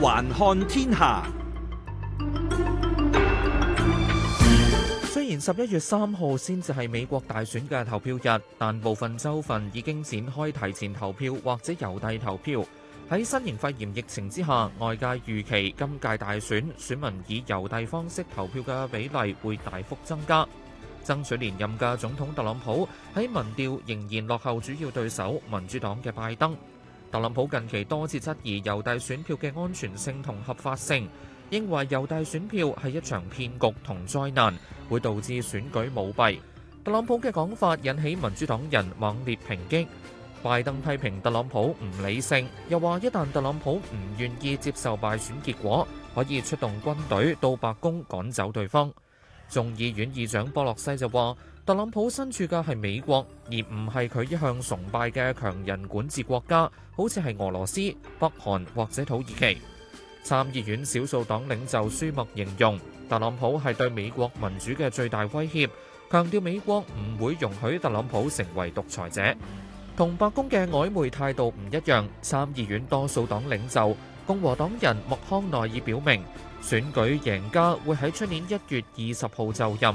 環看天下。雖然十一月三號先至係美國大選嘅投票日，但部分州份已經展開提前投票或者郵遞投票。喺新型肺炎疫情之下，外界預期今屆大選選民以郵遞方式投票嘅比例會大幅增加。爭取連任嘅總統特朗普喺民調仍然落後主要對手民主黨嘅拜登。特朗普近期多次質疑郵遞選票嘅安全性同合法性，認為郵遞選票係一場騙局同災難，會導致選舉舞弊。特朗普嘅講法引起民主黨人猛烈抨擊。拜登批評特朗普唔理性，又話一旦特朗普唔願意接受敗選結果，可以出動軍隊到白宮趕走對方。眾議院議長波洛西就話。特朗普身處嘅係美國，而唔係佢一向崇拜嘅強人管治國家，好似係俄羅斯、北韓或者土耳其。參議院少數黨領袖舒默形容特朗普係對美國民主嘅最大威脅，強調美國唔會容許特朗普成為獨裁者。同白宮嘅曖昧態度唔一樣，參議院多數黨領袖共和黨人麥康奈爾表明，選舉贏家會喺出年一月二十號就任。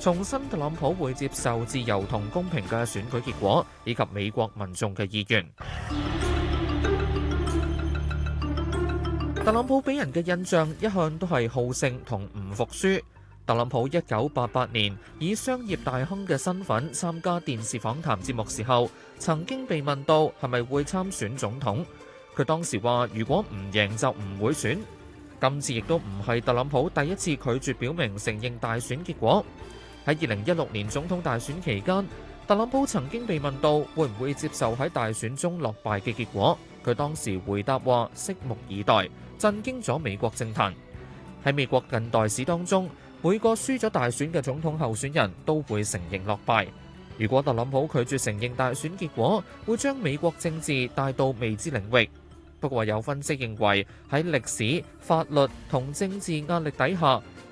重申特朗普會接受自由同公平嘅選舉結果，以及美國民眾嘅意願。特朗普俾人嘅印象一向都係好勝同唔服輸。特朗普一九八八年以商業大亨嘅身份參加電視訪談節目時候，曾經被問到係咪會參選總統，佢當時話如果唔贏就唔會選。今次亦都唔係特朗普第一次拒絕表明承認大選結果。喺二零一六年總統大選期間，特朗普曾經被問到會唔會接受喺大選中落敗嘅結果，佢當時回答話：拭目以待，震驚咗美國政壇。喺美國近代史當中，每個輸咗大選嘅總統候選人都會承認落敗。如果特朗普拒絕承認大選結果，會將美國政治帶到未知領域。不過有分析認為，喺歷史、法律同政治壓力底下，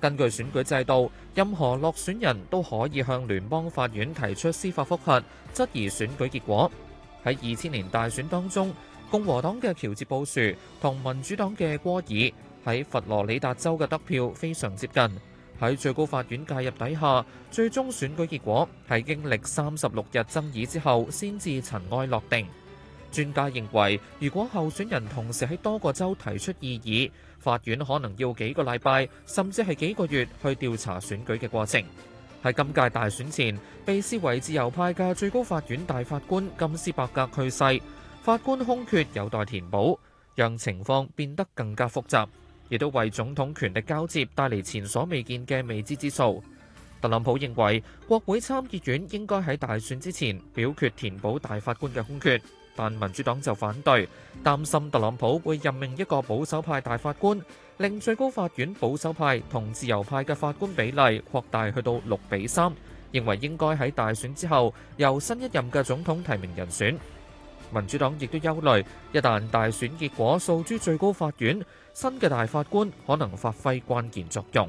根據選舉制度，任何落選人都可以向聯邦法院提出司法覆核，質疑選舉結果。喺二千年大選當中，共和黨嘅喬治布殊同民主黨嘅戈爾喺佛羅里達州嘅得票非常接近。喺最高法院介入底下，最終選舉結果係經歷三十六日爭議之後，先至塵埃落定。專家認為，如果候選人同時喺多個州提出異議，法院可能要幾個禮拜，甚至係幾個月去調查選舉嘅過程。喺今屆大選前，被視為自由派嘅最高法院大法官金斯伯格去世，法官空缺有待填補，讓情況變得更加複雜，亦都為總統權力交接帶嚟前所未見嘅未知之數。特朗普認為，國會參議院應該喺大選之前表決填補大法官嘅空缺。但民主黨就反對，擔心特朗普會任命一個保守派大法官，令最高法院保守派同自由派嘅法官比例擴大去到六比三，認為應該喺大選之後由新一任嘅總統提名人選。民主黨亦都憂慮，一旦大選結果訴諸最高法院，新嘅大法官可能發揮關鍵作用。